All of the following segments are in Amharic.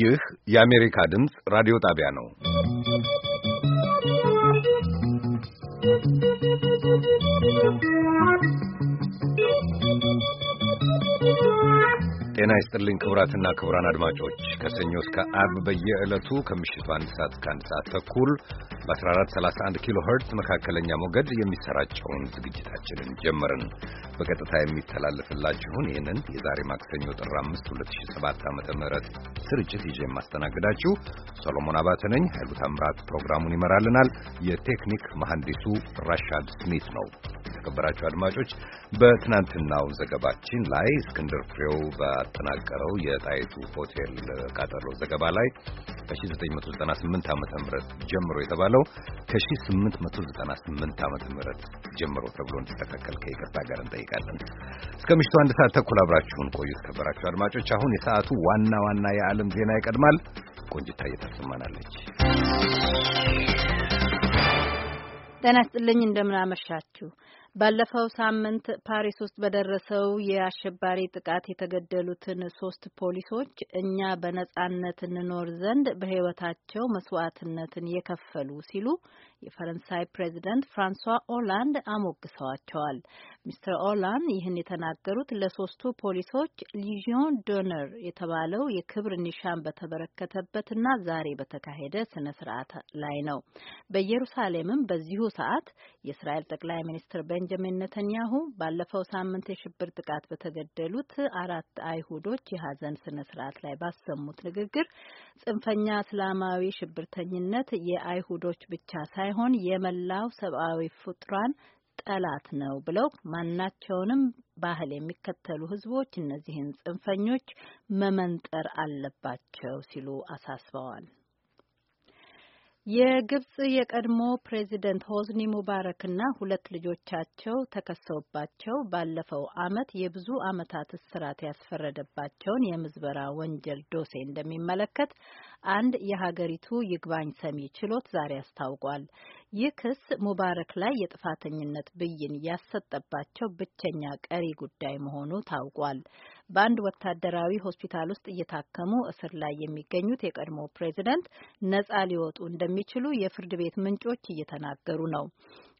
ይህ የአሜሪካ ድምፅ ራዲዮ ጣቢያ ነው። ጤና ይስጥልኝ ክቡራትና ክቡራን አድማጮች ከሰኞ እስከ አርብ በየዕለቱ ከምሽቱ አንድ ሰዓት እስከ አንድ ሰዓት ተኩል በ1431 ኪሎ ኸርትዝ መካከለኛ ሞገድ የሚሰራጨውን ዝግጅታችንን ጀመርን። በቀጥታ የሚተላለፍላችሁን ይህንን የዛሬ ማክሰኞ ጥር 5 2007 ዓ.ም ስርጭት ይዤ የማስተናግዳችሁ ሰሎሞን አባተ ነኝ። ኃይሉ ታምራት ፕሮግራሙን ይመራልናል። የቴክኒክ መሐንዲሱ ራሻድ ስሚት ነው። የተከበራችሁ አድማጮች በትናንትናው ዘገባችን ላይ እስክንድር ፍሬው ባጠናቀረው የጣይቱ ሆቴል ቃጠሎ ዘገባ ላይ በ 1998 ዓ.ም ጀምሮ የተባለው የተጀመረው ከ1898 ዓመተ ምህረት ጀምሮ ተብሎ እንዲስተካከል ከይቅርታ ጋር እንጠይቃለን። እስከ ምሽቱ አንድ ሰዓት ተኩል አብራችሁን ቆዩ። ተከበራችሁ አድማጮች፣ አሁን የሰዓቱ ዋና ዋና የዓለም ዜና ይቀድማል። ቆንጅታ እየታሰማናለች። ጤና ይስጥልኝ እንደምናመሻችሁ ባለፈው ሳምንት ፓሪስ ውስጥ በደረሰው የአሸባሪ ጥቃት የተገደሉትን ሶስት ፖሊሶች እኛ በነጻነት እንኖር ዘንድ በሕይወታቸው መስዋዕትነትን የከፈሉ ሲሉ የፈረንሳይ ፕሬዚደንት ፍራንሷ ኦላንድ አሞግሰዋቸዋል። ሚስተር ኦላን ይህን የተናገሩት ለሶስቱ ፖሊሶች ሊዥዮን ዶነር የተባለው የክብር ኒሻን በተበረከተበትና ዛሬ በተካሄደ ስነ ስርዓት ላይ ነው። በኢየሩሳሌምም በዚሁ ሰዓት የእስራኤል ጠቅላይ ሚኒስትር ቤንጃሚን ነተንያሁ ባለፈው ሳምንት የሽብር ጥቃት በተገደሉት አራት አይሁዶች የሀዘን ስነ ስርዓት ላይ ባሰሙት ንግግር ጽንፈኛ እስላማዊ ሽብርተኝነት የአይሁዶች ብቻ ሳይሆን የመላው ሰብአዊ ፍጡራን ጠላት ነው ብለው ማናቸውንም ባህል የሚከተሉ ህዝቦች እነዚህን ጽንፈኞች መመንጠር አለባቸው ሲሉ አሳስበዋል። የግብጽ የቀድሞ ፕሬዚደንት ሆዝኒ ሙባረክና ሁለት ልጆቻቸው ተከሰውባቸው ባለፈው ዓመት የብዙ ዓመታት እስራት ያስፈረደባቸውን የምዝበራ ወንጀል ዶሴ እንደሚመለከት አንድ የሀገሪቱ ይግባኝ ሰሚ ችሎት ዛሬ አስታውቋል። ይህ ክስ ሙባረክ ላይ የጥፋተኝነት ብይን ያሰጠባቸው ብቸኛ ቀሪ ጉዳይ መሆኑ ታውቋል። በአንድ ወታደራዊ ሆስፒታል ውስጥ እየታከሙ እስር ላይ የሚገኙት የቀድሞ ፕሬዚደንት ነጻ ሊወጡ እንደሚችሉ የፍርድ ቤት ምንጮች እየተናገሩ ነው።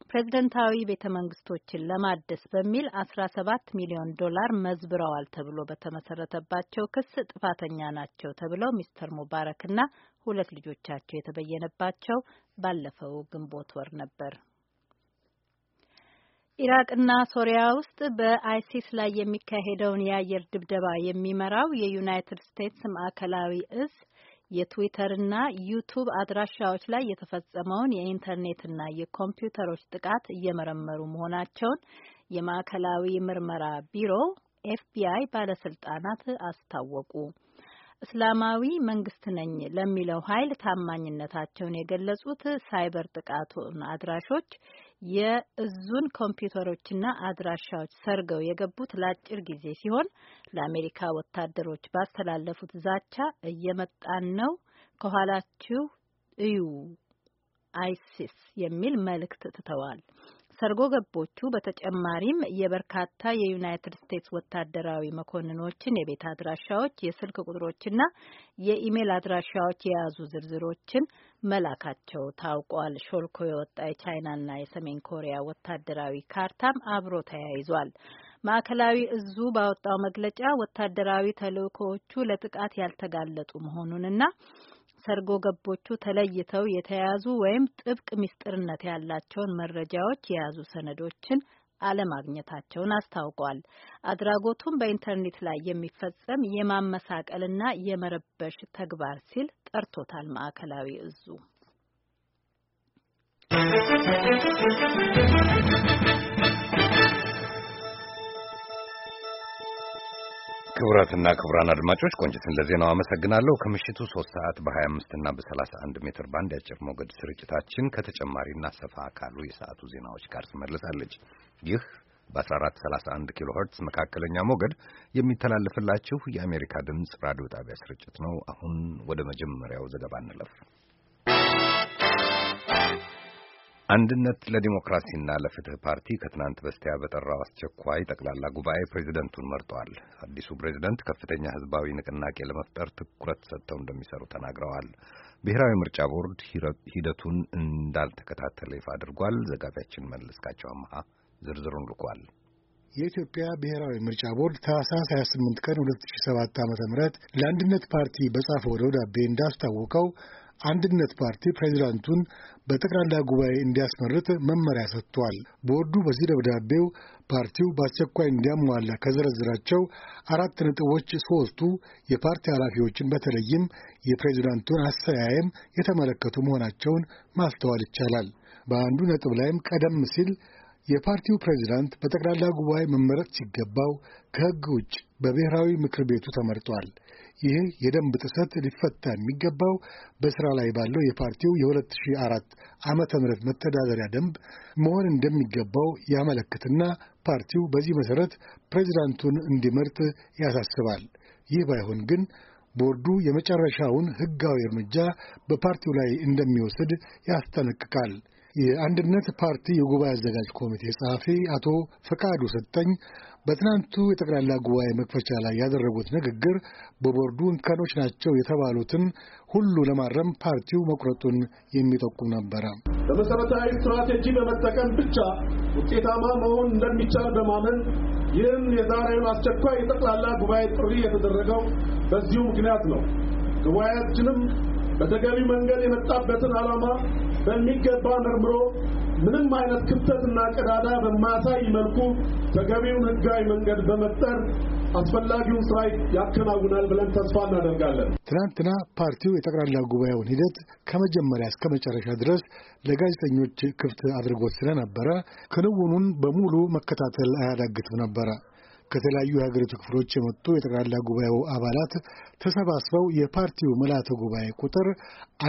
ፕሬዝደንታዊ ቤተ መንግስቶችን ለማደስ በሚል አስራ ሰባት ሚሊዮን ዶላር መዝብረዋል ተብሎ በተመሰረተባቸው ክስ ጥፋተኛ ናቸው ተብለው ሚስተር ሙባረክና ሁለት ልጆቻቸው የተበየነባቸው ባለፈው ግንቦት ወር ነበር። ኢራቅና ሶሪያ ውስጥ በአይሲስ ላይ የሚካሄደውን የአየር ድብደባ የሚመራው የዩናይትድ ስቴትስ ማዕከላዊ እዝ የትዊተርና ዩቱብ አድራሻዎች ላይ የተፈጸመውን የኢንተርኔትና የኮምፒውተሮች ጥቃት እየመረመሩ መሆናቸውን የማዕከላዊ ምርመራ ቢሮ ኤፍቢአይ ባለስልጣናት አስታወቁ። እስላማዊ መንግስት ነኝ ለሚለው ኃይል ታማኝነታቸውን የገለጹት ሳይበር ጥቃቱን አድራሾች የእዙን ኮምፒውተሮችና አድራሻዎች ሰርገው የገቡት ለአጭር ጊዜ ሲሆን ለአሜሪካ ወታደሮች ባስተላለፉት ዛቻ እየመጣን ነው፣ ከኋላችሁ እዩ አይሲስ የሚል መልእክት ትተዋል። ሰርጎ ገቦቹ በተጨማሪም የበርካታ የዩናይትድ ስቴትስ ወታደራዊ መኮንኖችን የቤት አድራሻዎች፣ የስልክ ቁጥሮችና የኢሜል አድራሻዎች የያዙ ዝርዝሮችን መላካቸው ታውቋል። ሾልኮ የወጣ የቻይናና የሰሜን ኮሪያ ወታደራዊ ካርታም አብሮ ተያይዟል። ማዕከላዊ እዙ ባወጣው መግለጫ ወታደራዊ ተልእኮዎቹ ለጥቃት ያልተጋለጡ መሆኑንና ሰርጎ ገቦቹ ተለይተው የተያዙ ወይም ጥብቅ ምስጢርነት ያላቸውን መረጃዎች የያዙ ሰነዶችን አለማግኘታቸውን አስታውቋል። አድራጎቱን በኢንተርኔት ላይ የሚፈጸም የማመሳቀልና የመረበሽ ተግባር ሲል ጠርቶታል ማዕከላዊ እዙ። ክቡራትና ክቡራን አድማጮች ቆንጅትን ለዜናው አመሰግናለሁ። ከምሽቱ ሶስት ሰዓት በ25 እና በ31 ሜትር ባንድ ያጭር ሞገድ ስርጭታችን ከተጨማሪና ሰፋ ካሉ የሰዓቱ ዜናዎች ጋር ትመለሳለች። ይህ በ1431 ኪሎ ሄርትስ መካከለኛ ሞገድ የሚተላለፍላችሁ የአሜሪካ ድምፅ ራዲዮ ጣቢያ ስርጭት ነው። አሁን ወደ መጀመሪያው ዘገባ እንለፍ። አንድነት ለዲሞክራሲና ለፍትህ ፓርቲ ከትናንት በስቲያ በጠራው አስቸኳይ ጠቅላላ ጉባኤ ፕሬዚደንቱን መርጠዋል። አዲሱ ፕሬዚደንት ከፍተኛ ህዝባዊ ንቅናቄ ለመፍጠር ትኩረት ሰጥተው እንደሚሰሩ ተናግረዋል። ብሔራዊ ምርጫ ቦርድ ሂደቱን እንዳልተከታተለ ይፋ አድርጓል። ዘጋቢያችን መለስካቸው አመሃ ዝርዝሩን ልኳል። የኢትዮጵያ ብሔራዊ ምርጫ ቦርድ ታህሳስ 28 ቀን 2007 ዓ ም ለአንድነት ፓርቲ በጻፈው ደብዳቤ እንዳስታወቀው አንድነት ፓርቲ ፕሬዚዳንቱን በጠቅላላ ጉባኤ እንዲያስመርጥ መመሪያ ሰጥቷል። ቦርዱ በዚህ ደብዳቤው ፓርቲው በአስቸኳይ እንዲያሟላ ከዘረዝራቸው አራት ነጥቦች ሶስቱ የፓርቲ ኃላፊዎችን በተለይም የፕሬዚዳንቱን አሰያየም የተመለከቱ መሆናቸውን ማስተዋል ይቻላል። በአንዱ ነጥብ ላይም ቀደም ሲል የፓርቲው ፕሬዚዳንት በጠቅላላ ጉባኤ መመረጥ ሲገባው ከሕግ ውጭ በብሔራዊ ምክር ቤቱ ተመርጧል። ይህ የደንብ ጥሰት ሊፈታ የሚገባው በስራ ላይ ባለው የፓርቲው የ2004 ዓመተ ምህረት መተዳደሪያ ደንብ መሆን እንደሚገባው ያመለክትና ፓርቲው በዚህ መሰረት ፕሬዚዳንቱን እንዲመርጥ ያሳስባል። ይህ ባይሆን ግን ቦርዱ የመጨረሻውን ሕጋዊ እርምጃ በፓርቲው ላይ እንደሚወስድ ያስጠነቅቃል። የአንድነት ፓርቲ የጉባኤ አዘጋጅ ኮሚቴ ጸሐፊ አቶ ፈቃዱ ሰጠኝ በትናንቱ የጠቅላላ ጉባኤ መክፈቻ ላይ ያደረጉት ንግግር በቦርዱ እንከኖች ናቸው የተባሉትን ሁሉ ለማረም ፓርቲው መቁረጡን የሚጠቁም ነበረ። በመሰረታዊ ስትራቴጂ በመጠቀም ብቻ ውጤታማ መሆን እንደሚቻል በማመን ይህም የዛሬውን አስቸኳይ የጠቅላላ ጉባኤ ጥሪ የተደረገው በዚሁ ምክንያት ነው። ጉባኤያችንም በተገቢ መንገድ የመጣበትን ዓላማ በሚገባ መርምሮ ምንም አይነት ክፍተትና ቀዳዳ በማያሳይ መልኩ ተገቢውን ህጋዊ መንገድ በመፍጠር አስፈላጊውን ስራ ያከናውናል ብለን ተስፋ እናደርጋለን። ትናንትና ፓርቲው የጠቅላላ ጉባኤውን ሂደት ከመጀመሪያ እስከ መጨረሻ ድረስ ለጋዜጠኞች ክፍት አድርጎት ስለነበረ ክንውኑን በሙሉ መከታተል አያዳግትም ነበረ። ከተለያዩ የሀገሪቱ ክፍሎች የመጡ የጠቅላላ ጉባኤው አባላት ተሰባስበው የፓርቲው ምልዓተ ጉባኤ ቁጥር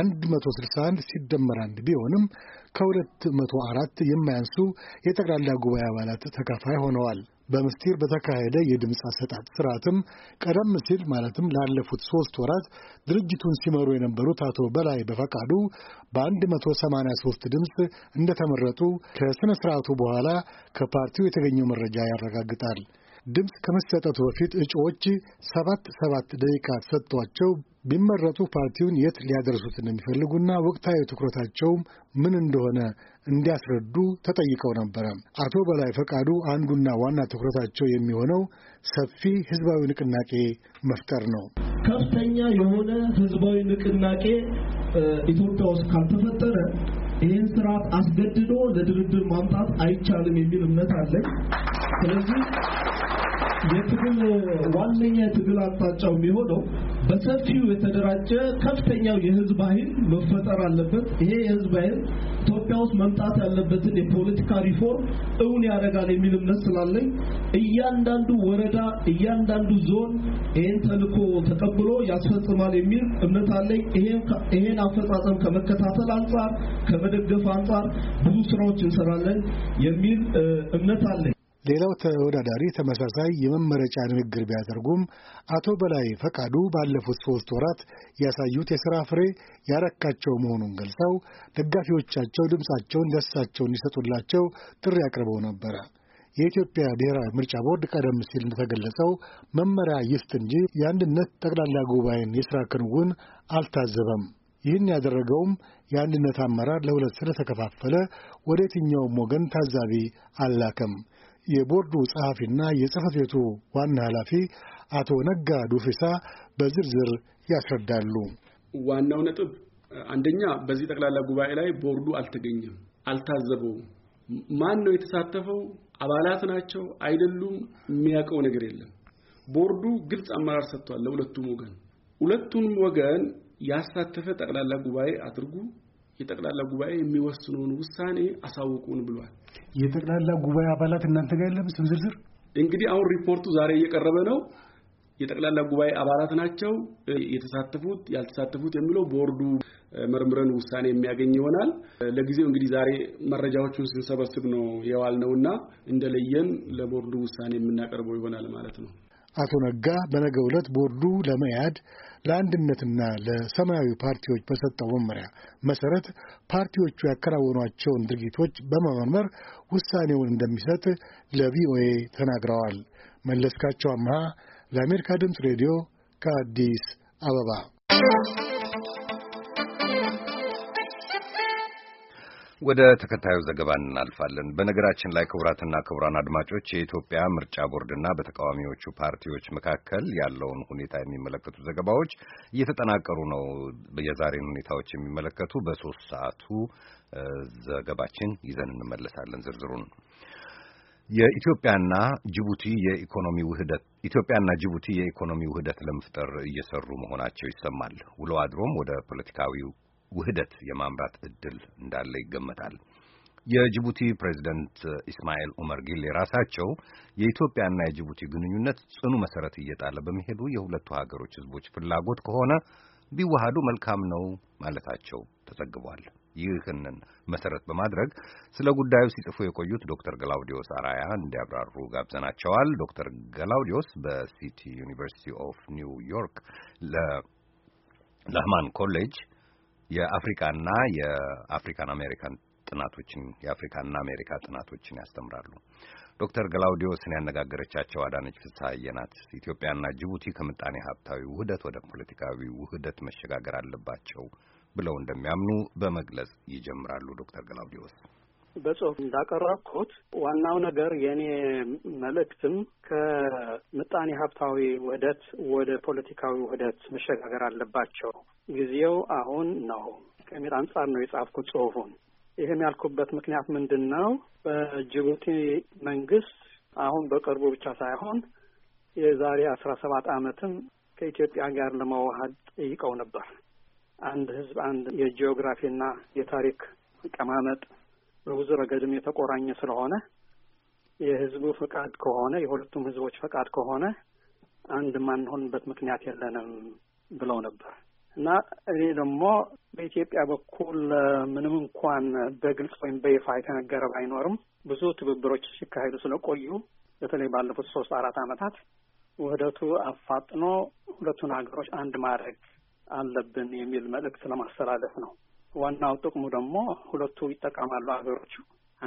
161 ሲደመር አንድ ቢሆንም ከሁለት መቶ አራት የማያንሱ የጠቅላላ ጉባኤ አባላት ተካፋይ ሆነዋል። በምስጢር በተካሄደ የድምፅ አሰጣጥ ስርዓትም ቀደም ሲል ማለትም ላለፉት ሶስት ወራት ድርጅቱን ሲመሩ የነበሩት አቶ በላይ በፈቃዱ በ183 ድምፅ እንደተመረጡ ከሥነ ሥርዓቱ በኋላ ከፓርቲው የተገኘው መረጃ ያረጋግጣል። ድምፅ ከመሰጠቱ በፊት እጩዎች ሰባት ሰባት ደቂቃ ተሰጥቷቸው ቢመረጡ ፓርቲውን የት ሊያደርሱት እንደሚፈልጉና ወቅታዊ ትኩረታቸውም ምን እንደሆነ እንዲያስረዱ ተጠይቀው ነበረ። አቶ በላይ ፈቃዱ አንዱና ዋና ትኩረታቸው የሚሆነው ሰፊ ህዝባዊ ንቅናቄ መፍጠር ነው። ከፍተኛ የሆነ ህዝባዊ ንቅናቄ ኢትዮጵያ ውስጥ ካልተፈጠረ ይህን ስርዓት አስገድዶ ለድርድር ማምጣት አይቻልም የሚል እምነት አለን። ስለዚህ የትግል ዋነኛ የትግል አቅጣጫው የሚሆነው በሰፊው የተደራጀ ከፍተኛው የህዝብ ኃይል መፈጠር አለበት። ይሄ የህዝብ ኃይል ኢትዮጵያ ውስጥ መምጣት ያለበትን የፖለቲካ ሪፎርም እውን ያደርጋል የሚል እምነት ስላለኝ እያንዳንዱ ወረዳ፣ እያንዳንዱ ዞን ይህን ተልኮ ተቀብሎ ያስፈጽማል የሚል እምነት አለኝ። ይሄን አፈጻጸም ከመከታተል አንጻር፣ ከመደገፍ አንጻር ብዙ ስራዎች እንሰራለን የሚል እምነት አለኝ። ሌላው ተወዳዳሪ ተመሳሳይ የመመረጫ ንግግር ቢያደርጉም አቶ በላይ ፈቃዱ ባለፉት ሶስት ወራት ያሳዩት የሥራ ፍሬ ያረካቸው መሆኑን ገልጸው ደጋፊዎቻቸው ድምፃቸውን ደስታቸው እንዲሰጡላቸው ጥሪ አቅርበው ነበረ። የኢትዮጵያ ብሔራዊ ምርጫ ቦርድ ቀደም ሲል እንደተገለጸው መመሪያ ይስጥ እንጂ የአንድነት ጠቅላላ ጉባኤን የሥራ ክንውን አልታዘበም። ይህን ያደረገውም የአንድነት አመራር ለሁለት ስለተከፋፈለ ወደ የትኛውም ወገን ታዛቢ አላከም። የቦርዱ ጸሐፊና የጽህፈት ቤቱ ዋና ኃላፊ አቶ ነጋ ዱፊሳ በዝርዝር ያስረዳሉ። ዋናው ነጥብ አንደኛ፣ በዚህ ጠቅላላ ጉባኤ ላይ ቦርዱ አልተገኘም፣ አልታዘበውም። ማን ነው የተሳተፈው? አባላት ናቸው አይደሉም? የሚያውቀው ነገር የለም። ቦርዱ ግልጽ አመራር ሰጥቷል ለሁለቱም ወገን። ሁለቱንም ወገን ያሳተፈ ጠቅላላ ጉባኤ አድርጉ። የጠቅላላ ጉባኤ የሚወስነውን ውሳኔ አሳውቁን ብሏል። የጠቅላላ ጉባኤ አባላት እናንተ ጋር የለም ስም ዝርዝር? እንግዲህ አሁን ሪፖርቱ ዛሬ እየቀረበ ነው። የጠቅላላ ጉባኤ አባላት ናቸው የተሳተፉት፣ ያልተሳተፉት የሚለው ቦርዱ መርምረን ውሳኔ የሚያገኝ ይሆናል። ለጊዜው እንግዲህ ዛሬ መረጃዎቹን ስንሰበስብ ነው የዋልነውና እንደለየን ለቦርዱ ውሳኔ የምናቀርበው ይሆናል ማለት ነው። አቶ ነጋ በነገ ዕለት ቦርዱ ለመያድ ለአንድነትና ለሰማያዊ ፓርቲዎች በሰጠው መመሪያ መሰረት ፓርቲዎቹ ያከናወኗቸውን ድርጊቶች በመመርመር ውሳኔውን እንደሚሰጥ ለቪኦኤ ተናግረዋል። መለስካቸው አምሃ ለአሜሪካ ድምፅ ሬዲዮ ከአዲስ አበባ ወደ ተከታዩ ዘገባ እናልፋለን። በነገራችን ላይ ክቡራትና ክቡራን አድማጮች የኢትዮጵያ ምርጫ ቦርድና በተቃዋሚዎቹ ፓርቲዎች መካከል ያለውን ሁኔታ የሚመለከቱ ዘገባዎች እየተጠናቀሩ ነው። የዛሬን ሁኔታዎች የሚመለከቱ በሶስት ሰዓቱ ዘገባችን ይዘን እንመለሳለን ዝርዝሩን የኢትዮጵያና ጅቡቲ የኢኮኖሚ ውህደት ኢትዮጵያና ጅቡቲ የኢኮኖሚ ውህደት ለመፍጠር እየሰሩ መሆናቸው ይሰማል። ውሎ አድሮም ወደ ፖለቲካዊው ውህደት የማምራት እድል እንዳለ ይገመታል። የጅቡቲ ፕሬዚደንት ኢስማኤል ኡመር ጊሌ ራሳቸው የኢትዮጵያና የጅቡቲ ግንኙነት ጽኑ መሰረት እየጣለ በመሄዱ የሁለቱ ሀገሮች ህዝቦች ፍላጎት ከሆነ ቢዋሃዱ መልካም ነው ማለታቸው ተዘግቧል። ይህንን መሰረት በማድረግ ስለ ጉዳዩ ሲጽፉ የቆዩት ዶክተር ገላውዲዮስ አራያ እንዲያብራሩ ጋብዘናቸዋል። ዶክተር ገላውዲዮስ በሲቲ ዩኒቨርሲቲ ኦፍ ኒውዮርክ ለህማን ኮሌጅ የአፍሪካና የአፍሪካን አሜሪካን ጥናቶችን የአፍሪካና አሜሪካ ጥናቶችን ያስተምራሉ። ዶክተር ግላውዲዮስን ያነጋገረቻቸው አዳነች ፍስሐዬ ናት። ኢትዮጵያና ጅቡቲ ከምጣኔ ሀብታዊ ውህደት ወደ ፖለቲካዊ ውህደት መሸጋገር አለባቸው ብለው እንደሚያምኑ በመግለጽ ይጀምራሉ ዶክተር ግላውዲዮስ በጽሁፍ እንዳቀረብኩት ዋናው ነገር የእኔ መልእክትም ከምጣኔ ሀብታዊ ውህደት ወደ ፖለቲካዊ ውህደት መሸጋገር አለባቸው። ጊዜው አሁን ነው ከሚል አንጻር ነው የጻፍኩት ጽሁፉን። ይህም ያልኩበት ምክንያት ምንድን ነው? በጅቡቲ መንግስት አሁን በቅርቡ ብቻ ሳይሆን የዛሬ አስራ ሰባት አመትም ከኢትዮጵያ ጋር ለመዋሀድ ጠይቀው ነበር። አንድ ህዝብ፣ አንድ የጂኦግራፊና የታሪክ አቀማመጥ በብዙ ረገድም የተቆራኘ ስለሆነ የህዝቡ ፈቃድ ከሆነ የሁለቱም ህዝቦች ፈቃድ ከሆነ አንድ ማንሆንበት ምክንያት የለንም ብለው ነበር እና እኔ ደግሞ በኢትዮጵያ በኩል ምንም እንኳን በግልጽ ወይም በይፋ የተነገረ ባይኖርም ብዙ ትብብሮች ሲካሄዱ ስለቆዩ በተለይ ባለፉት ሶስት አራት ዓመታት ውህደቱ አፋጥኖ ሁለቱን ሀገሮች አንድ ማድረግ አለብን የሚል መልእክት ለማስተላለፍ ነው። ዋናው ጥቅሙ ደግሞ ሁለቱ ይጠቀማሉ ሀገሮቹ።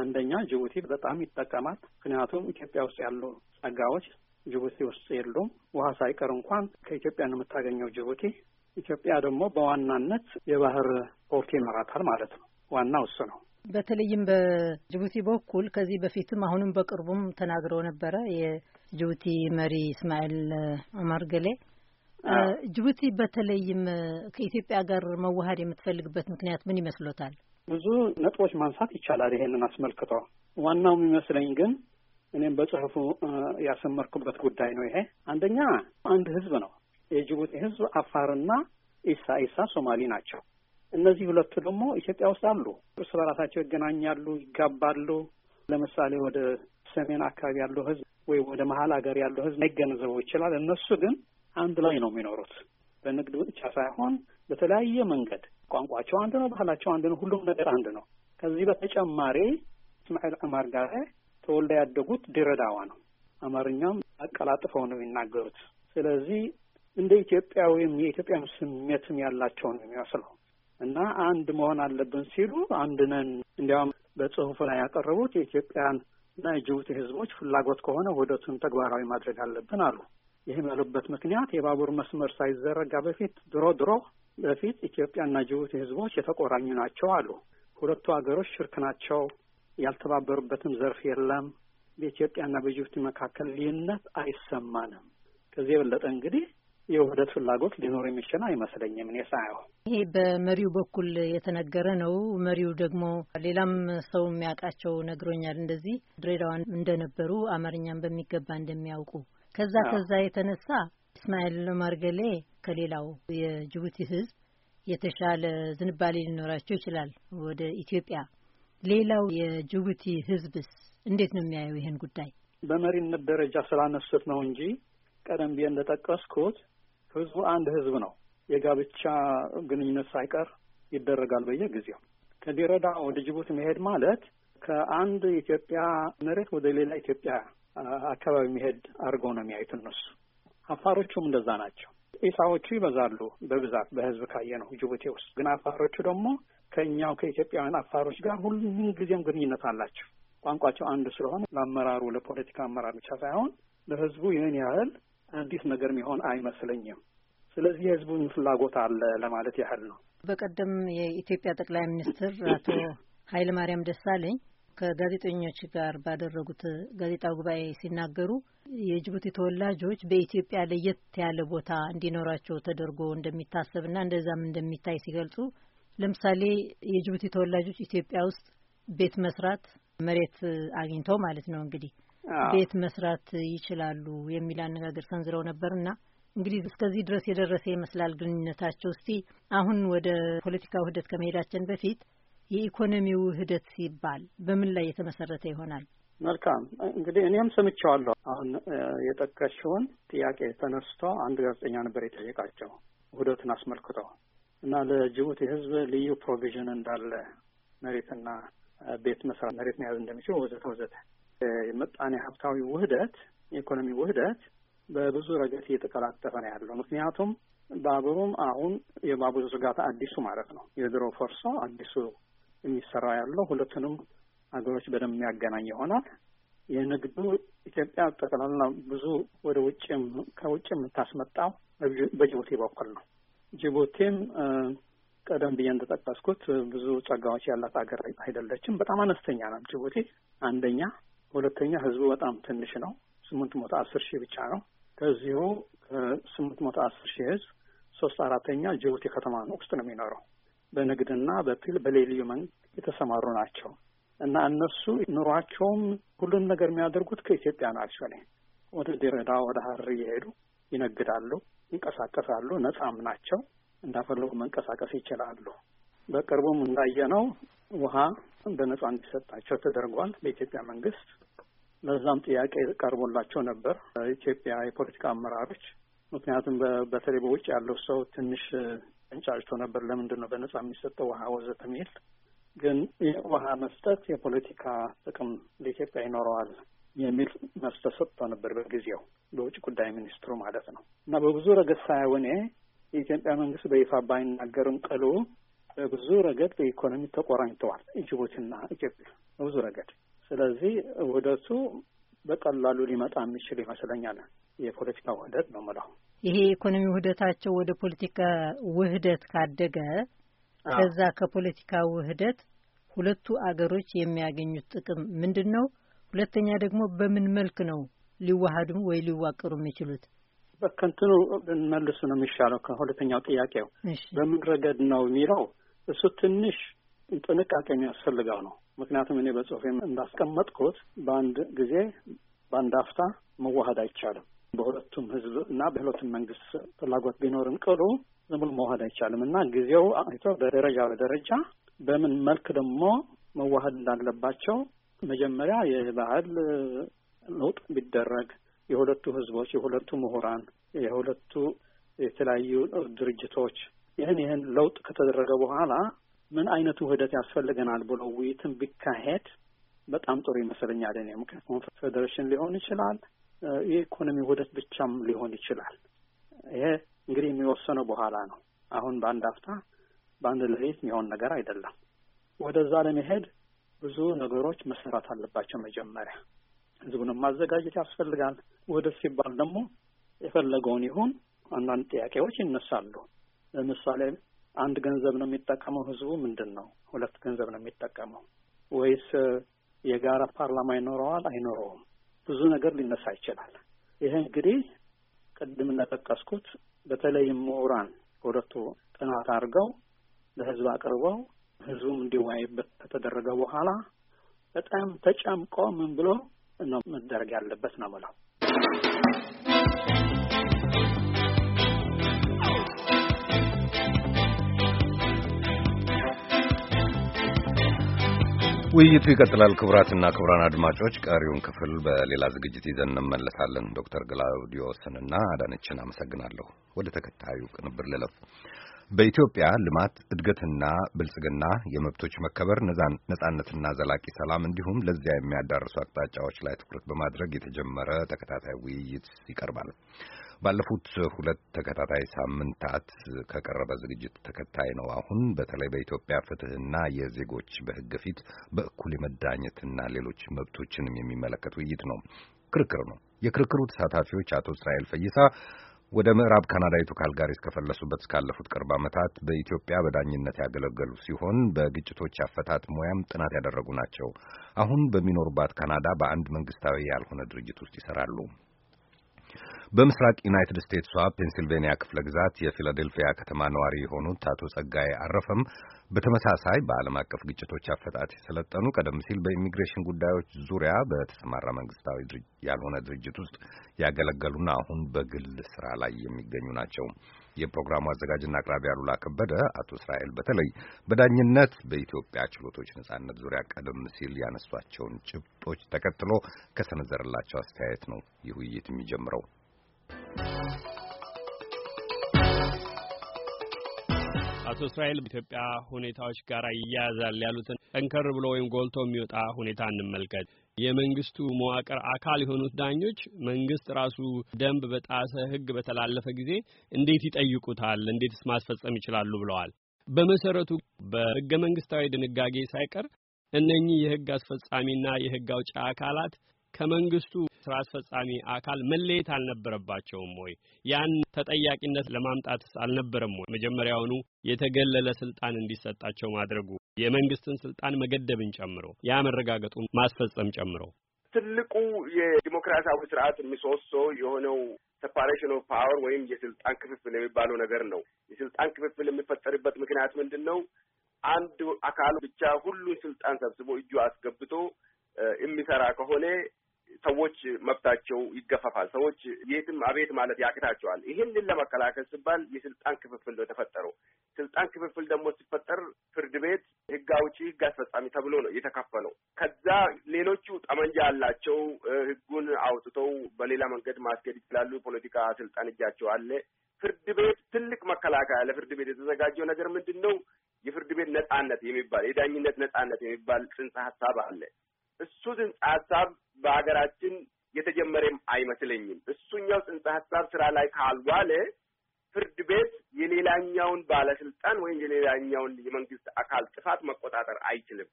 አንደኛ ጅቡቲ በጣም ይጠቀማል። ምክንያቱም ኢትዮጵያ ውስጥ ያሉ ጸጋዎች ጅቡቲ ውስጥ የሉም። ውሃ ሳይቀር እንኳን ከኢትዮጵያ ነው የምታገኘው ጅቡቲ። ኢትዮጵያ ደግሞ በዋናነት የባህር ፖርት ይመራታል ማለት ነው። ዋናው እሱ ነው። በተለይም በጅቡቲ በኩል ከዚህ በፊትም አሁንም በቅርቡም ተናግረው ነበረ የጅቡቲ መሪ እስማኤል ኦማር ገሌ ጅቡቲ በተለይም ከኢትዮጵያ ጋር መዋሀድ የምትፈልግበት ምክንያት ምን ይመስሎታል? ብዙ ነጥቦች ማንሳት ይቻላል ይሄንን አስመልክቶ። ዋናው የሚመስለኝ ግን እኔም በጽሁፉ ያሰመርኩበት ጉዳይ ነው። ይሄ አንደኛ አንድ ህዝብ ነው የጅቡቲ ህዝብ፣ አፋርና ኢሳ ኢሳ ሶማሊ ናቸው። እነዚህ ሁለቱ ደግሞ ኢትዮጵያ ውስጥ አሉ። እርስ በራሳቸው ይገናኛሉ፣ ይጋባሉ። ለምሳሌ ወደ ሰሜን አካባቢ ያለው ህዝብ ወይም ወደ መሀል ሀገር ያለው ህዝብ አይገነዘበው ይችላል። እነሱ ግን አንድ ላይ ነው የሚኖሩት። በንግድ ብቻ ሳይሆን በተለያየ መንገድ ቋንቋቸው አንድ ነው፣ ባህላቸው አንድ ነው፣ ሁሉም ነገር አንድ ነው። ከዚህ በተጨማሪ እስማኤል ዑመር ጋር ተወልደ ያደጉት ድሬዳዋ ነው። አማርኛም አቀላጥፈው ነው የሚናገሩት። ስለዚህ እንደ ኢትዮጵያዊም የኢትዮጵያም ስሜትም ያላቸው ነው የሚመስለው እና አንድ መሆን አለብን ሲሉ አንድ ነን። እንዲያውም በጽሁፉ ላይ ያቀረቡት የኢትዮጵያን እና የጅቡቲ ህዝቦች ፍላጎት ከሆነ ውህደቱን ተግባራዊ ማድረግ አለብን አሉ። ይህም ያሉበት ምክንያት የባቡር መስመር ሳይዘረጋ በፊት ድሮ ድሮ በፊት ኢትዮጵያና ጅቡቲ ህዝቦች የተቆራኙ ናቸው አሉ። ሁለቱ ሀገሮች ሽርክ ናቸው፣ ያልተባበሩበትም ዘርፍ የለም። በኢትዮጵያና በጅቡቲ መካከል ልዩነት አይሰማንም። ከዚህ የበለጠ እንግዲህ የውህደት ፍላጎት ሊኖር የሚችል አይመስለኝም። እኔ ሳየው ይሄ በመሪው በኩል የተነገረ ነው። መሪው ደግሞ ሌላም ሰው የሚያውቃቸው ነግሮኛል። እንደዚህ ድሬዳዋን እንደነበሩ አማርኛም በሚገባ እንደሚያውቁ ከዛ ከዛ የተነሳ እስማኤል ለማርገሌ ከሌላው የጅቡቲ ህዝብ የተሻለ ዝንባሌ ሊኖራቸው ይችላል ወደ ኢትዮጵያ። ሌላው የጅቡቲ ህዝብስ እንዴት ነው የሚያየው ይህን ጉዳይ? በመሪነት ደረጃ ስላነሱት ነው እንጂ ቀደም ብዬ እንደጠቀስኩት ህዝቡ አንድ ህዝብ ነው። የጋብቻ ግንኙነት ሳይቀር ይደረጋል በየጊዜው። ከዲረዳ ወደ ጅቡቲ መሄድ ማለት ከአንድ ኢትዮጵያ መሬት ወደ ሌላ ኢትዮጵያ አካባቢ መሄድ አድርገው ነው የሚያዩት እነሱ። አፋሮቹም እንደዛ ናቸው። ኢሳዎቹ ይበዛሉ በብዛት በህዝብ ካየ ነው ጅቡቲ ውስጥ። ግን አፋሮቹ ደግሞ ከእኛው ከኢትዮጵያውያን አፋሮች ጋር ሁሉም ጊዜም ግንኙነት አላቸው። ቋንቋቸው አንዱ ስለሆነ ለአመራሩ ለፖለቲካ አመራር ብቻ ሳይሆን ለህዝቡ ይህን ያህል አዲስ ነገር የሚሆን አይመስለኝም። ስለዚህ የህዝቡን ፍላጎት አለ ለማለት ያህል ነው። በቀደም የኢትዮጵያ ጠቅላይ ሚኒስትር አቶ ኃይለማርያም ደሳለኝ ከጋዜጠኞች ጋር ባደረጉት ጋዜጣዊ ጉባኤ ሲናገሩ የጅቡቲ ተወላጆች በኢትዮጵያ ለየት ያለ ቦታ እንዲኖራቸው ተደርጎ እንደሚታሰብና እንደዛም እንደሚታይ ሲገልጹ፣ ለምሳሌ የጅቡቲ ተወላጆች ኢትዮጵያ ውስጥ ቤት መስራት መሬት አግኝተው ማለት ነው እንግዲህ ቤት መስራት ይችላሉ የሚል አነጋገር ሰንዝረው ነበርና እንግዲህ እስከዚህ ድረስ የደረሰ ይመስላል ግንኙነታቸው። እስቲ አሁን ወደ ፖለቲካ ውህደት ከመሄዳችን በፊት የኢኮኖሚ ውህደት ሲባል በምን ላይ የተመሰረተ ይሆናል? መልካም እንግዲህ እኔም ሰምቼዋለሁ። አሁን የጠቀሽውን ጥያቄ ተነስቶ አንድ ጋዜጠኛ ነበር የጠየቃቸው ውህደትን አስመልክቶ እና ለጅቡቲ ሕዝብ ልዩ ፕሮቪዥን እንዳለ መሬትና ቤት መስራት መሬት መያዝ እንደሚችል ወዘተ ወዘተ። የመጣኔ ሀብታዊ ውህደት የኢኮኖሚ ውህደት በብዙ ረገድ እየተቀላጠፈ ነው ያለው። ምክንያቱም ባቡሩም አሁን የባቡር ዝርጋታ አዲሱ ማለት ነው የድሮ ፈርሶ አዲሱ እየሰራ ያለው ሁለቱንም ሀገሮች በደንብ የሚያገናኝ ይሆናል። የንግዱ ኢትዮጵያ ጠቅላላ ብዙ ወደ ውጭም ከውጭ የምታስመጣው በጅቡቲ በኩል ነው። ጅቡቲም ቀደም ብዬ እንደጠቀስኩት ብዙ ጸጋዎች ያላት ሀገር አይደለችም። በጣም አነስተኛ ነው ጅቡቲ አንደኛ። ሁለተኛ ህዝቡ በጣም ትንሽ ነው። ስምንት መቶ አስር ሺህ ብቻ ነው። ከዚሁ ከስምንት መቶ አስር ሺህ ህዝብ ሶስት አራተኛ ጅቡቲ ከተማ ውስጥ ነው የሚኖረው። በንግድና በሌልዩ ዩመን የተሰማሩ ናቸው እና እነሱ ኑሯቸውም ሁሉን ነገር የሚያደርጉት ከኢትዮጵያ ነው። ላይ ወደ ድሬዳዋ ወደ ሀረር እየሄዱ ይነግዳሉ፣ ይንቀሳቀሳሉ። ነጻም ናቸው፣ እንዳፈለጉ መንቀሳቀስ ይችላሉ። በቅርቡም እንዳየነው ውሃ በነጻ እንዲሰጣቸው ተደርጓል በኢትዮጵያ መንግስት። ለዛም ጥያቄ ቀርቦላቸው ነበር ኢትዮጵያ የፖለቲካ አመራሮች። ምክንያቱም በተለይ በውጭ ያለው ሰው ትንሽ ተንጫጭቶ ነበር። ለምንድን ነው በነጻ የሚሰጠው ውሃ ወዘተ የሚል ግን የውሃ መስጠት የፖለቲካ ጥቅም ለኢትዮጵያ ይኖረዋል የሚል መልስ ተሰጥቶ ነበር በጊዜው በውጭ ጉዳይ ሚኒስትሩ ማለት ነው። እና በብዙ ረገድ ሳያውኔ የኢትዮጵያ መንግስት በይፋ ባይናገርም ቅሉ በብዙ ረገድ በኢኮኖሚ ተቆራኝተዋል ጅቡቲና ኢትዮጵያ በብዙ ረገድ። ስለዚህ ውህደቱ በቀላሉ ሊመጣ የሚችል ይመስለኛል። የፖለቲካ ውህደት ነው የምለው። ይሄ የኢኮኖሚ ውህደታቸው ወደ ፖለቲካ ውህደት ካደገ ከዛ ከፖለቲካ ውህደት ሁለቱ አገሮች የሚያገኙት ጥቅም ምንድን ነው? ሁለተኛ ደግሞ በምን መልክ ነው ሊዋሃዱም ወይ ሊዋቀሩ የሚችሉት? በከንትኑ ልንመልሱ ነው የሚሻለው። ከሁለተኛው ጥያቄው በምን ረገድ ነው የሚለው እሱ ትንሽ ጥንቃቄ የሚያስፈልገው ነው። ምክንያቱም እኔ በጽሁፌም እንዳስቀመጥኩት በአንድ ጊዜ በአንድ አፍታ መዋሃድ አይቻልም። በሁለቱም ህዝብ እና በሁለቱም መንግስት ፍላጎት ቢኖርም ቅሉ ዝም ብሎ አይቻልም እና ጊዜው አይቶ በደረጃ በደረጃ በምን መልክ ደግሞ መዋሃድ እንዳለባቸው መጀመሪያ የባህል ለውጥ ቢደረግ የሁለቱ ህዝቦች፣ የሁለቱ ምሁራን፣ የሁለቱ የተለያዩ ድርጅቶች ይህን ይህን ለውጥ ከተደረገ በኋላ ምን አይነት ውህደት ያስፈልገናል ብሎ ውይይትን ቢካሄድ በጣም ጥሩ ይመስለኛል። እኔ ምክንያቱም ፌዴሬሽን ሊሆን ይችላል፣ የኢኮኖሚ ውህደት ብቻም ሊሆን ይችላል። ይሄ እንግዲህ የሚወሰነው በኋላ ነው። አሁን በአንድ አፍታ በአንድ ሌሊት የሚሆን ነገር አይደለም። ወደዛ ለመሄድ ብዙ ነገሮች መሰራት አለባቸው። መጀመሪያ ህዝቡንም ማዘጋጀት ያስፈልጋል። ውህደት ሲባል ደግሞ የፈለገውን ይሁን አንዳንድ ጥያቄዎች ይነሳሉ። ለምሳሌ አንድ ገንዘብ ነው የሚጠቀመው ህዝቡ ምንድን ነው? ሁለት ገንዘብ ነው የሚጠቀመው ወይስ የጋራ ፓርላማ ይኖረዋል አይኖረውም? ብዙ ነገር ሊነሳ ይችላል። ይህ እንግዲህ ቅድም እንደጠቀስኩት በተለይም ምሁራን ሁለቱ ጥናት አድርገው ለህዝብ አቅርበው ህዝቡም እንዲወያይበት ከተደረገ በኋላ በጣም ተጨምቆ ምን ብሎ ነው መደረግ ያለበት ነው ምለው። ውይይቱ ይቀጥላል። ክቡራትና ክቡራን አድማጮች ቀሪውን ክፍል በሌላ ዝግጅት ይዘን እንመለሳለን። ዶክተር ግላውዲዮስንና አዳነችን አመሰግናለሁ። ወደ ተከታዩ ቅንብር ልለፍ። በኢትዮጵያ ልማት እድገትና ብልጽግና፣ የመብቶች መከበር፣ ነጻነትና ዘላቂ ሰላም እንዲሁም ለዚያ የሚያዳርሱ አቅጣጫዎች ላይ ትኩረት በማድረግ የተጀመረ ተከታታይ ውይይት ይቀርባል። ባለፉት ሁለት ተከታታይ ሳምንታት ከቀረበ ዝግጅት ተከታይ ነው። አሁን በተለይ በኢትዮጵያ ፍትህና የዜጎች በህግ ፊት በእኩል የመዳኘትና ሌሎች መብቶችንም የሚመለከት ውይይት ነው፣ ክርክር ነው። የክርክሩ ተሳታፊዎች አቶ እስራኤል ፈይሳ ወደ ምዕራብ ካናዳዊቱ ካልጋሪ እስከፈለሱበት እስካለፉት ቅርብ ዓመታት በኢትዮጵያ በዳኝነት ያገለገሉ ሲሆን በግጭቶች አፈታት ሙያም ጥናት ያደረጉ ናቸው። አሁን በሚኖሩባት ካናዳ በአንድ መንግስታዊ ያልሆነ ድርጅት ውስጥ ይሰራሉ። በምስራቅ ዩናይትድ ስቴትሷ ፔንሲልቬንያ ክፍለ ግዛት የፊላዴልፊያ ከተማ ነዋሪ የሆኑት አቶ ጸጋዬ አረፈም በተመሳሳይ በዓለም አቀፍ ግጭቶች አፈጣት የሰለጠኑ ቀደም ሲል በኢሚግሬሽን ጉዳዮች ዙሪያ በተሰማራ መንግስታዊ ያልሆነ ድርጅት ውስጥ ያገለገሉና አሁን በግል ስራ ላይ የሚገኙ ናቸው። የፕሮግራሙ አዘጋጅና አቅራቢ አሉላ ከበደ አቶ እስራኤል በተለይ በዳኝነት በኢትዮጵያ ችሎቶች ነጻነት ዙሪያ ቀደም ሲል ያነሷቸውን ጭብጦች ተከትሎ ከሰነዘረላቸው አስተያየት ነው ይህ ውይይት የሚጀምረው። አቶ እስራኤል ኢትዮጵያ ሁኔታዎች ጋር ይያያዛል ያሉትን ጠንከር ብሎ ወይም ጎልቶ የሚወጣ ሁኔታ እንመልከት። የመንግስቱ መዋቅር አካል የሆኑት ዳኞች መንግስት ራሱ ደንብ በጣሰ ህግ በተላለፈ ጊዜ እንዴት ይጠይቁታል? እንዴትስ ማስፈጸም ይችላሉ? ብለዋል። በመሰረቱ በህገ መንግስታዊ ድንጋጌ ሳይቀር እነኚህ የህግ አስፈጻሚና የህግ አውጪ አካላት ከመንግስቱ ስራ አስፈጻሚ አካል መለየት አልነበረባቸውም ወይ? ያን ተጠያቂነት ለማምጣትስ አልነበረም ወይ? መጀመሪያውኑ የተገለለ ስልጣን እንዲሰጣቸው ማድረጉ የመንግስትን ስልጣን መገደብን ጨምሮ ያ መረጋገጡን ማስፈጸም ጨምሮ ትልቁ የዲሞክራሲያዊ ስርዓት የሚሶሶ የሆነው ሴፓሬሽን ኦፍ ፓወር ወይም የስልጣን ክፍፍል የሚባለው ነገር ነው። የስልጣን ክፍፍል የሚፈጠርበት ምክንያት ምንድን ነው? አንድ አካል ብቻ ሁሉን ስልጣን ሰብስቦ እጁ አስገብቶ የሚሰራ ከሆነ ሰዎች መብታቸው ይገፈፋል። ሰዎች የትም አቤት ማለት ያቅታቸዋል። ይህንን ለመከላከል ሲባል የስልጣን ክፍፍል ነው የተፈጠረው። ስልጣን ክፍፍል ደግሞ ሲፈጠር ፍርድ ቤት፣ ህግ አውጪ፣ ህግ አስፈጻሚ ተብሎ ነው የተከፈለው። ከዛ ሌሎቹ ጠመንጃ ያላቸው ህጉን አውጥተው በሌላ መንገድ ማስገድ ይችላሉ። የፖለቲካ ስልጣን እጃቸው አለ። ፍርድ ቤት ትልቅ መከላከያ ለፍርድ ቤት የተዘጋጀው ነገር ምንድን ነው? የፍርድ ቤት ነጻነት የሚባል የዳኝነት ነጻነት የሚባል ጽንሰ ሀሳብ አለ። እሱ ጽንሰ ሀሳብ በሀገራችን የተጀመረም አይመስለኝም። እሱኛው ጽንሰ ሀሳብ ስራ ላይ ካልዋለ ፍርድ ቤት የሌላኛውን ባለስልጣን ወይም የሌላኛውን የመንግስት አካል ጥፋት መቆጣጠር አይችልም።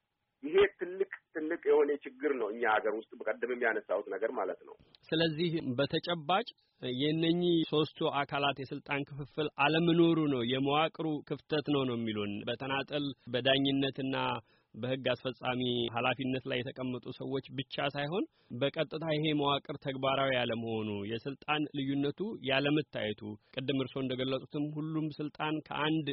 ይሄ ትልቅ ትልቅ የሆነ ችግር ነው እኛ ሀገር ውስጥ በቀደምም ያነሳሁት ነገር ማለት ነው። ስለዚህ በተጨባጭ የእነኚህ ሶስቱ አካላት የስልጣን ክፍፍል አለመኖሩ ነው የመዋቅሩ ክፍተት ነው ነው የሚሉን በተናጠል በዳኝነትና በህግ አስፈጻሚ ኃላፊነት ላይ የተቀመጡ ሰዎች ብቻ ሳይሆን በቀጥታ ይሄ መዋቅር ተግባራዊ ያለመሆኑ የስልጣን ልዩነቱ ያለመታየቱ ቅድም እርስዎ እንደገለጹትም ሁሉም ስልጣን ከአንድ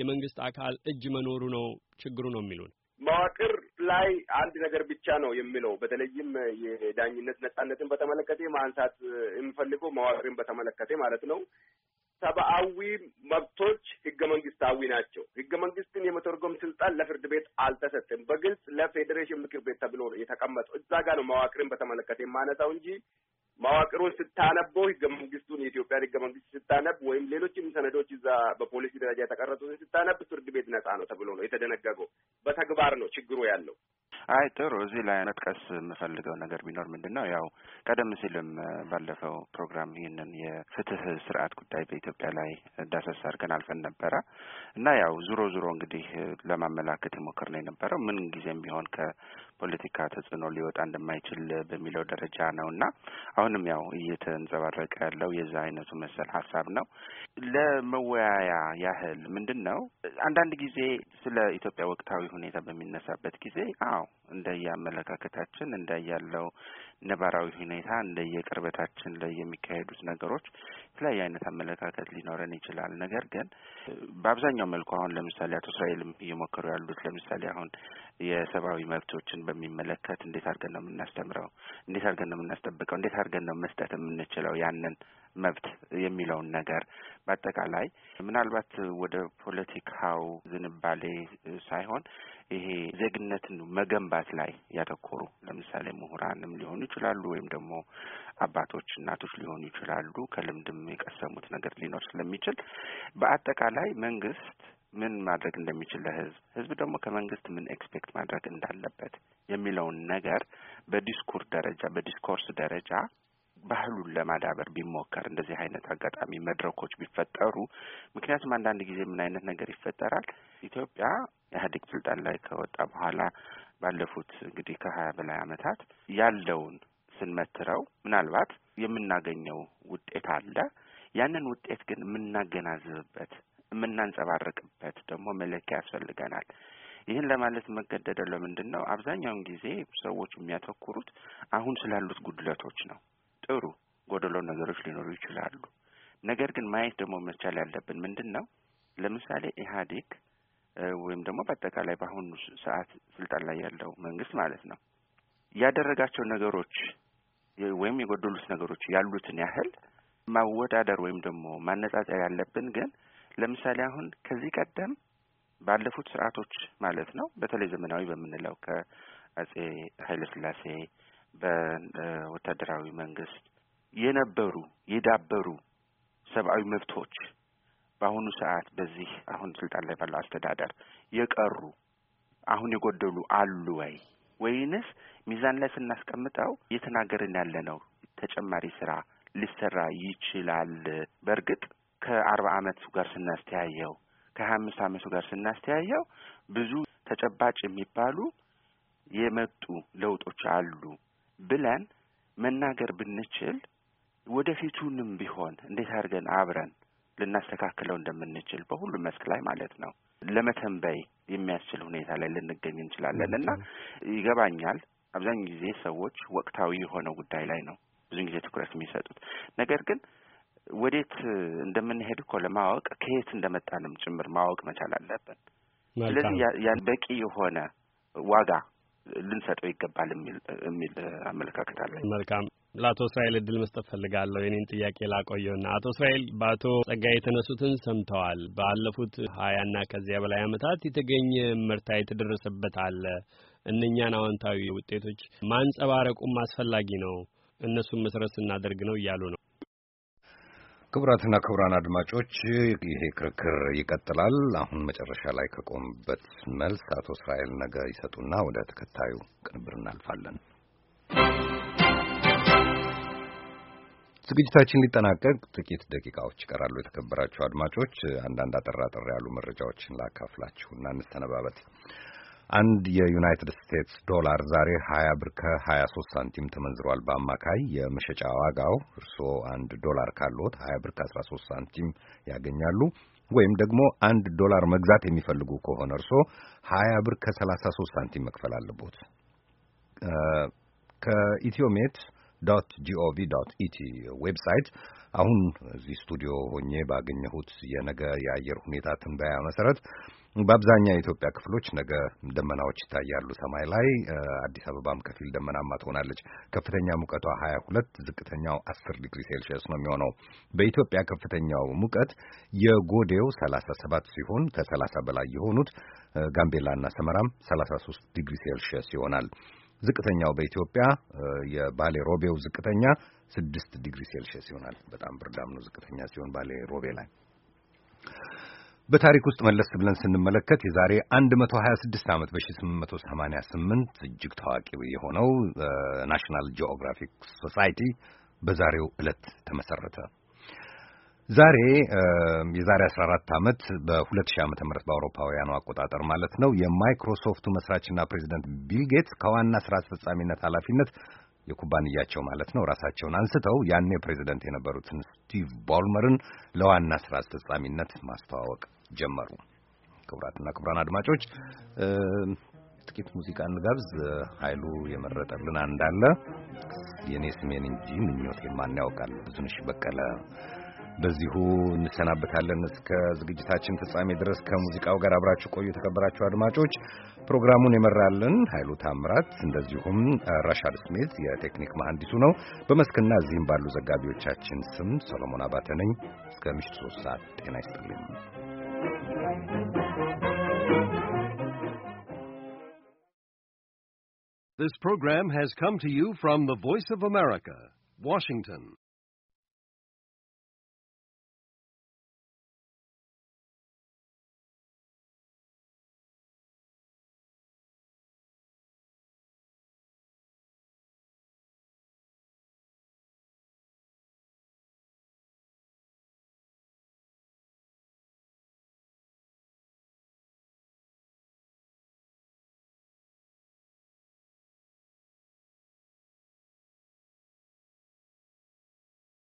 የመንግስት አካል እጅ መኖሩ ነው ችግሩ ነው የሚሉን። መዋቅር ላይ አንድ ነገር ብቻ ነው የሚለው በተለይም የዳኝነት ነጻነትን በተመለከተ ማንሳት የሚፈልገው መዋቅርን በተመለከተ ማለት ነው። ሰብአዊ መብቶች ህገ መንግስታዊ ናቸው። ህገ መንግስትን የመተርጎም ስልጣን ለፍርድ ቤት አልተሰጥም። በግልጽ ለፌዴሬሽን ምክር ቤት ተብሎ የተቀመጠው እዛ ጋር ነው መዋቅርን በተመለከተ የማነሳው እንጂ መዋቅሩን ስታነበው ህገ መንግስቱን የኢትዮጵያን ህገ መንግስት ስታነብ ወይም ሌሎችም ሰነዶች እዛ በፖሊሲ ደረጃ የተቀረጡትን ስታነብ ፍርድ ቤት ነጻ ነው ተብሎ ነው የተደነገገው። በተግባር ነው ችግሩ ያለው። አይ ጥሩ። እዚህ ላይ መጥቀስ የምፈልገው ነገር ቢኖር ምንድን ነው ያው ቀደም ሲልም ባለፈው ፕሮግራም ይህንን የፍትህ ስርዓት ጉዳይ በኢትዮጵያ ላይ ዳሰሳ አድርገን አልፈን ነበረ እና ያው ዙሮ ዙሮ እንግዲህ ለማመላከት ሞክር ነው የነበረው ምን ጊዜም ቢሆን ከ ፖለቲካ ተጽዕኖ ሊወጣ እንደማይችል በሚለው ደረጃ ነው እና አሁንም ያው እየተንጸባረቀ ያለው የዛ አይነቱ መሰል ሀሳብ ነው። ለመወያያ ያህል ምንድን ነው አንዳንድ ጊዜ ስለ ኢትዮጵያ ወቅታዊ ሁኔታ በሚነሳበት ጊዜ አዎ እንደየአመለካከታችን እንደያለው ነባራዊ ሁኔታ እንደየቅርበታችን ላይ የሚካሄዱት ነገሮች የተለያየ አይነት አመለካከት ሊኖረን ይችላል። ነገር ግን በአብዛኛው መልኩ አሁን ለምሳሌ አቶ እስራኤልም እየሞከሩ ያሉት ለምሳሌ አሁን የሰብአዊ መብቶችን በሚመለከት እንዴት አድርገን ነው የምናስተምረው፣ እንዴት አድርገን ነው የምናስጠብቀው፣ እንዴት አድርገን ነው መስጠት የምንችለው ያንን መብት የሚለውን ነገር በአጠቃላይ ምናልባት ወደ ፖለቲካው ዝንባሌ ሳይሆን ይሄ ዜግነትን መገንባት ላይ ያተኮሩ ለምሳሌ ምሁራንም ሊሆኑ ይችላሉ፣ ወይም ደግሞ አባቶች እናቶች ሊሆኑ ይችላሉ። ከልምድም የቀሰሙት ነገር ሊኖር ስለሚችል በአጠቃላይ መንግስት ምን ማድረግ እንደሚችል ለህዝብ ህዝብ ደግሞ ከመንግስት ምን ኤክስፔክት ማድረግ እንዳለበት የሚለውን ነገር በዲስኩር ደረጃ በዲስኮርስ ደረጃ ባህሉን ለማዳበር ቢሞከር እንደዚህ አይነት አጋጣሚ መድረኮች ቢፈጠሩ። ምክንያቱም አንዳንድ ጊዜ ምን አይነት ነገር ይፈጠራል ኢትዮጵያ ኢህአዴግ ስልጣን ላይ ከወጣ በኋላ ባለፉት እንግዲህ ከሀያ በላይ አመታት ያለውን ስንመትረው ምናልባት የምናገኘው ውጤት አለ። ያንን ውጤት ግን የምናገናዝብበት የምናንጸባርቅበት ደግሞ መለኪያ ያስፈልገናል። ይህን ለማለት መገደደው ለምንድን ነው? አብዛኛውን ጊዜ ሰዎች የሚያተኩሩት አሁን ስላሉት ጉድለቶች ነው። ጥሩ ጎደሎ ነገሮች ሊኖሩ ይችላሉ። ነገር ግን ማየት ደግሞ መቻል ያለብን ምንድን ነው? ለምሳሌ ኢህአዴግ ወይም ደግሞ በአጠቃላይ በአሁኑ ሰዓት ስልጣን ላይ ያለው መንግስት ማለት ነው ያደረጋቸው ነገሮች ወይም የጎደሉት ነገሮች ያሉትን ያህል ማወዳደር ወይም ደግሞ ማነጻጸር ያለብን ግን ለምሳሌ አሁን ከዚህ ቀደም ባለፉት ስርዓቶች ማለት ነው በተለይ ዘመናዊ በምንለው ከአጼ ኃይለ ስላሴ በወታደራዊ መንግስት የነበሩ የዳበሩ ሰብአዊ መብቶች በአሁኑ ሰዓት በዚህ አሁን ስልጣን ላይ ባለው አስተዳደር የቀሩ አሁን የጎደሉ አሉ ወይ ወይንስ ሚዛን ላይ ስናስቀምጠው እየተናገርን ያለ ነው ተጨማሪ ስራ ሊሰራ ይችላል። በእርግጥ ከአርባ አመቱ ጋር ስናስተያየው ከሀያ አምስት አመቱ ጋር ስናስተያየው ብዙ ተጨባጭ የሚባሉ የመጡ ለውጦች አሉ ብለን መናገር ብንችል ወደፊቱንም ቢሆን እንዴት አድርገን አብረን ልናስተካክለው እንደምንችል በሁሉም መስክ ላይ ማለት ነው ለመተንበይ የሚያስችል ሁኔታ ላይ ልንገኝ እንችላለን እና ይገባኛል። አብዛኛው ጊዜ ሰዎች ወቅታዊ የሆነ ጉዳይ ላይ ነው ብዙን ጊዜ ትኩረት የሚሰጡት። ነገር ግን ወዴት እንደምንሄድ እኮ ለማወቅ ከየት እንደመጣንም ጭምር ማወቅ መቻል አለብን። ስለዚህ ያን በቂ የሆነ ዋጋ ልንሰጠው ይገባል የሚል የሚል አመለካከት አለ። መልካም ለአቶ እስራኤል እድል መስጠት ፈልጋለሁ። የኔን ጥያቄ ላቆየውና አቶ እስራኤል በአቶ ጸጋይ የተነሱትን ሰምተዋል። ባለፉት ሀያና ከዚያ በላይ አመታት የተገኘ ምርታ የተደረሰበት አለ። እነኛን አዎንታዊ ውጤቶች ማንጸባረቁም አስፈላጊ ነው። እነሱን መሰረት ስናደርግ ነው እያሉ ነው። ክቡራትና ክቡራን አድማጮች ይሄ ክርክር ይቀጥላል። አሁን መጨረሻ ላይ ከቆምበት መልስ አቶ እስራኤል ነገ ይሰጡና ወደ ተከታዩ ቅንብር እናልፋለን። ዝግጅታችን ሊጠናቀቅ ጥቂት ደቂቃዎች ይቀራሉ። የተከበራችሁ አድማጮች አንዳንድ አጠር አጠር ያሉ መረጃዎችን ላካፍላችሁና እንሰነባበት። አንድ የዩናይትድ ስቴትስ ዶላር ዛሬ 20 ብር ከ23 ሳንቲም ተመንዝሯል። በአማካይ የመሸጫ ዋጋው እርስዎ አንድ ዶላር ካለዎት 20 ብር ከ13 ሳንቲም ያገኛሉ። ወይም ደግሞ አንድ ዶላር መግዛት የሚፈልጉ ከሆነ እርስዎ 20 ብር ከ33 ሳንቲም መክፈል አለቦት። ከኢትዮሜት ዶት ጂኦቪ ዶት ኢቲ ዌብሳይት አሁን እዚህ ስቱዲዮ ሆኜ ባገኘሁት የነገ የአየር ሁኔታ ትንበያ መሰረት በአብዛኛው የኢትዮጵያ ክፍሎች ነገ ደመናዎች ይታያሉ ሰማይ ላይ። አዲስ አበባም ከፊል ደመናማ ትሆናለች። ከፍተኛ ሙቀቷ 22፣ ዝቅተኛው 10 ዲግሪ ሴልሺየስ ነው የሚሆነው። በኢትዮጵያ ከፍተኛው ሙቀት የጎዴው 37 ሲሆን ከ30 በላይ የሆኑት ጋምቤላና ሰመራም 33 ዲግሪ ሴልሺየስ ይሆናል። ዝቅተኛው በኢትዮጵያ የባሌ ሮቤው ዝቅተኛ ስድስት ዲግሪ ሴልሺየስ ይሆናል። በጣም ብርዳም ነው ዝቅተኛ ሲሆን ባሌ ሮቤ ላይ። በታሪክ ውስጥ መለስ ብለን ስንመለከት የዛሬ 126 ዓመት በ1888 እጅግ ታዋቂ የሆነው ናሽናል ጂኦግራፊክ ሶሳይቲ በዛሬው ዕለት ተመሰረተ። ዛሬ የዛሬ 14 ዓመት በ2000 ዓመተ ምህረት በአውሮፓውያኑ አቆጣጠር ማለት ነው የማይክሮሶፍቱ መስራችና ፕሬዚደንት ቢል ጌትስ ከዋና ስራ አስፈጻሚነት ኃላፊነት የኩባንያቸው ማለት ነው ራሳቸውን አንስተው ያኔ ፕሬዚደንት የነበሩትን ስቲቭ ቦልመርን ለዋና ስራ አስፈጻሚነት ማስተዋወቅ ጀመሩ። ክቡራትና ክቡራን አድማጮች ጥቂት ሙዚቃ እንጋብዝ። ኃይሉ የመረጠልን አንዳለ የኔ ስሜን እንጂ ምኞቴ ማን ያውቃል ብዙንሽ በቀለ በዚሁ እንሰናበታለን። እስከ ዝግጅታችን ፍጻሜ ድረስ ከሙዚቃው ጋር አብራችሁ ቆዩ። የተከበራችሁ አድማጮች፣ ፕሮግራሙን የመራልን ኃይሉ ታምራት፣ እንደዚሁም ራሻል ስሜት የቴክኒክ መሐንዲሱ ነው። በመስክና እዚህም ባሉ ዘጋቢዎቻችን ስም ሰሎሞን አባተ ነኝ። እስከ ምሽት ሶስት ሰዓት ጤና ይስጥልኝ። This program has come to you from the Voice of America, Washington.